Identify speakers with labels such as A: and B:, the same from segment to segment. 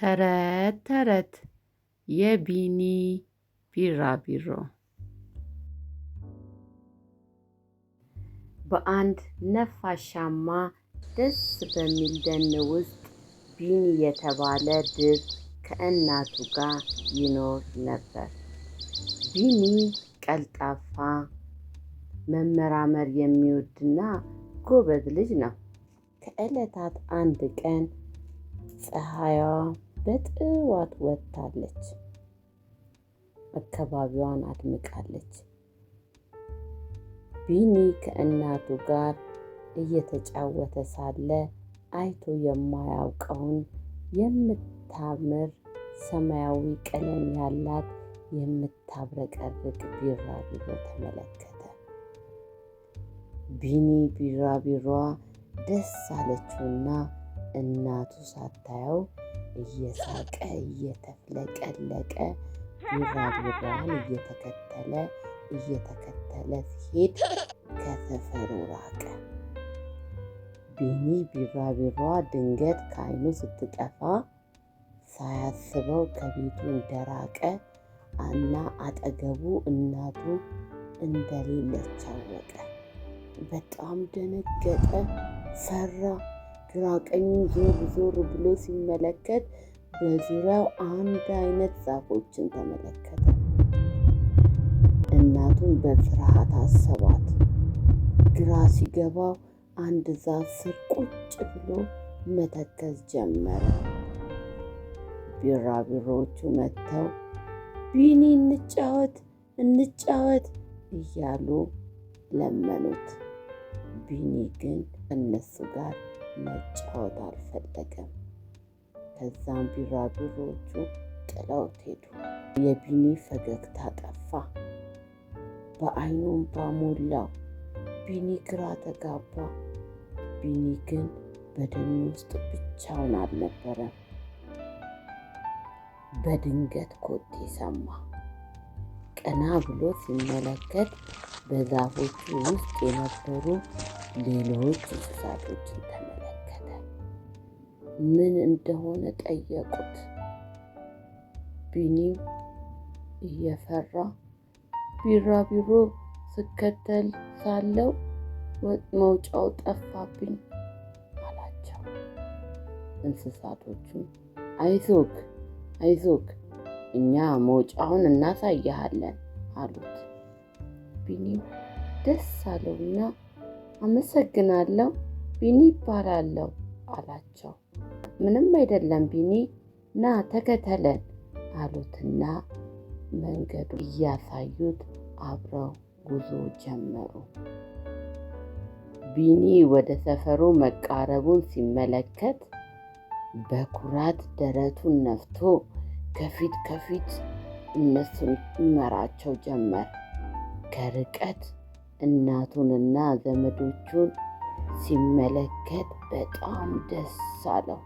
A: ተረት ተረት የቢኒ ቢራቢሮ በአንድ ነፋሻማ ደስ በሚል ደን ውስጥ ቢኒ የተባለ ድብ ከእናቱ ጋር ይኖር ነበር። ቢኒ ቀልጣፋ፣ መመራመር የሚወድና ጎበዝ ልጅ ነው። ከዕለታት አንድ ቀን ፀሐይዋ በጥዋት ወጥታለች። አካባቢዋን አድምቃለች። ቢኒ ከእናቱ ጋር እየተጫወተ ሳለ አይቶ የማያውቀውን የምታምር ሰማያዊ ቀለም ያላት የምታብረቀርቅ ቢራቢሮ ተመለከተ። ቢኒ ቢራቢሮዋ ደስ አለችውና እናቱ ሳታየው እየሳቀ እየተፍለቀለቀ ቢራቢራን እየተከተለ እየተከተለ ሲሄድ ከሰፈሩ ራቀ። ቢኒ ቢራቢሯ ድንገት ከዓይኑ ስትጠፋ ሳያስበው ከቤቱ እንደራቀ እና አጠገቡ እናቱ እንደሌለች አወቀ። በጣም ደነገጠ፣ ፈራ። ግራ ቀኝ ዞር ዞር ብሎ ሲመለከት በዙሪያው አንድ አይነት ዛፎችን ተመለከተ። እናቱን በፍርሃት አሰባት። ግራ ሲገባው አንድ ዛፍ ስር ቁጭ ብሎ መተከዝ ጀመረ። ቢራቢሮዎቹ መጥተው ቢኒ እንጫወት እንጫወት እያሉ ለመኑት። ቢኒ ግን እነሱ ጋር መጫወት አልፈለገም። ከዛም ቢራቢሮቹ ጥለውት ሄዱ። የቢኒ ፈገግታ ጠፋ፣ በአይኑም ባሞላው ቢኒ ግራ ተጋባ። ቢኒ ግን በደኑ ውስጥ ብቻውን አልነበረም። በድንገት ኮቴ ሰማ። ቀና ብሎ ሲመለከት በዛፎቹ ውስጥ የነበሩ ሌሎች እንስሳቶችን ተመ ምን እንደሆነ ጠየቁት። ቢኒው እየፈራ ቢራቢሮ ስከተል ሳለው መውጫው ጠፋብኝ አላቸው። እንስሳቶቹም አይዞክ አይዞክ እኛ መውጫውን እናሳያሃለን አሉት። ቢኒው ደስ አለውና አመሰግናለሁ ቢኒ ይባላለሁ አላቸው። ምንም አይደለም ቢኒ፣ ና ተከተለን አሉትና መንገዱ እያሳዩት አብረው ጉዞ ጀመሩ። ቢኒ ወደ ሰፈሩ መቃረቡን ሲመለከት በኩራት ደረቱን ነፍቶ ከፊት ከፊት እነሱን ይመራቸው ጀመር። ከርቀት እናቱንና ዘመዶቹን ሲመለከት በጣም ደስ አለው።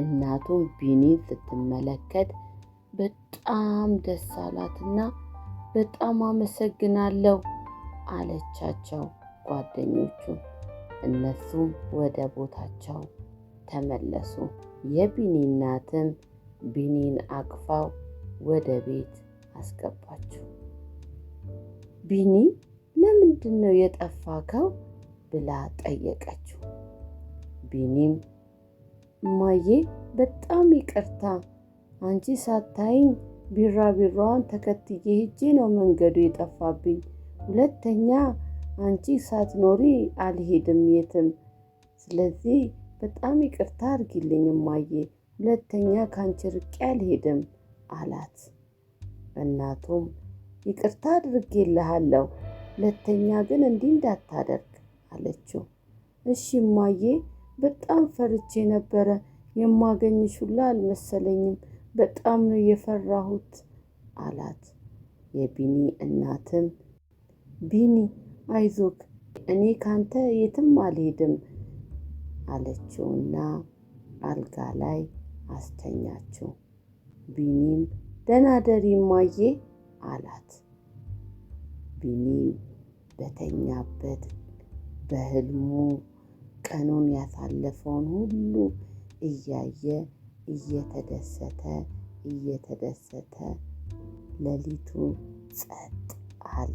A: እናቱም ቢኒን ስትመለከት በጣም ደስ አላትና በጣም አመሰግናለሁ አለቻቸው ጓደኞቹ። እነሱም ወደ ቦታቸው ተመለሱ። የቢኒ እናትም ቢኒን አቅፋው ወደ ቤት አስገባችው። ቢኒ ለምንድን ነው የጠፋከው? ብላ ጠየቀችው። ቢኒም እማዬ በጣም ይቅርታ፣ አንቺ ሳታይኝ ቢራቢሮዋን ተከትዬ ሄጄ ነው መንገዱ የጠፋብኝ። ሁለተኛ አንቺ ሳትኖሪ አልሄድም የትም። ስለዚህ በጣም ይቅርታ አድርጊልኝ እማዬ፣ ሁለተኛ ከአንቺ ርቄ አልሄድም አላት። እናቱም ይቅርታ አድርጌልሃለሁ፣ ሁለተኛ ግን እንዲህ እንዳታደርግ አለችው። እሺ እማዬ፣ በጣም ፈርቼ ነበረ። የማገኝሽ ሁላ አልመሰለኝም። በጣም ነው የፈራሁት አላት። የቢኒ እናትም ቢኒ አይዞክ፣ እኔ ካንተ የትም አልሄድም አለችውና አልጋ ላይ አስተኛችው። ቢኒም ደህና ደሪ እማዬ አላት። ቢኒ በተኛበት በህልሙ ቀኑን ያሳለፈውን ሁሉ እያየ እየተደሰተ እየተደሰተ ሌሊቱ ጸጥ አለ።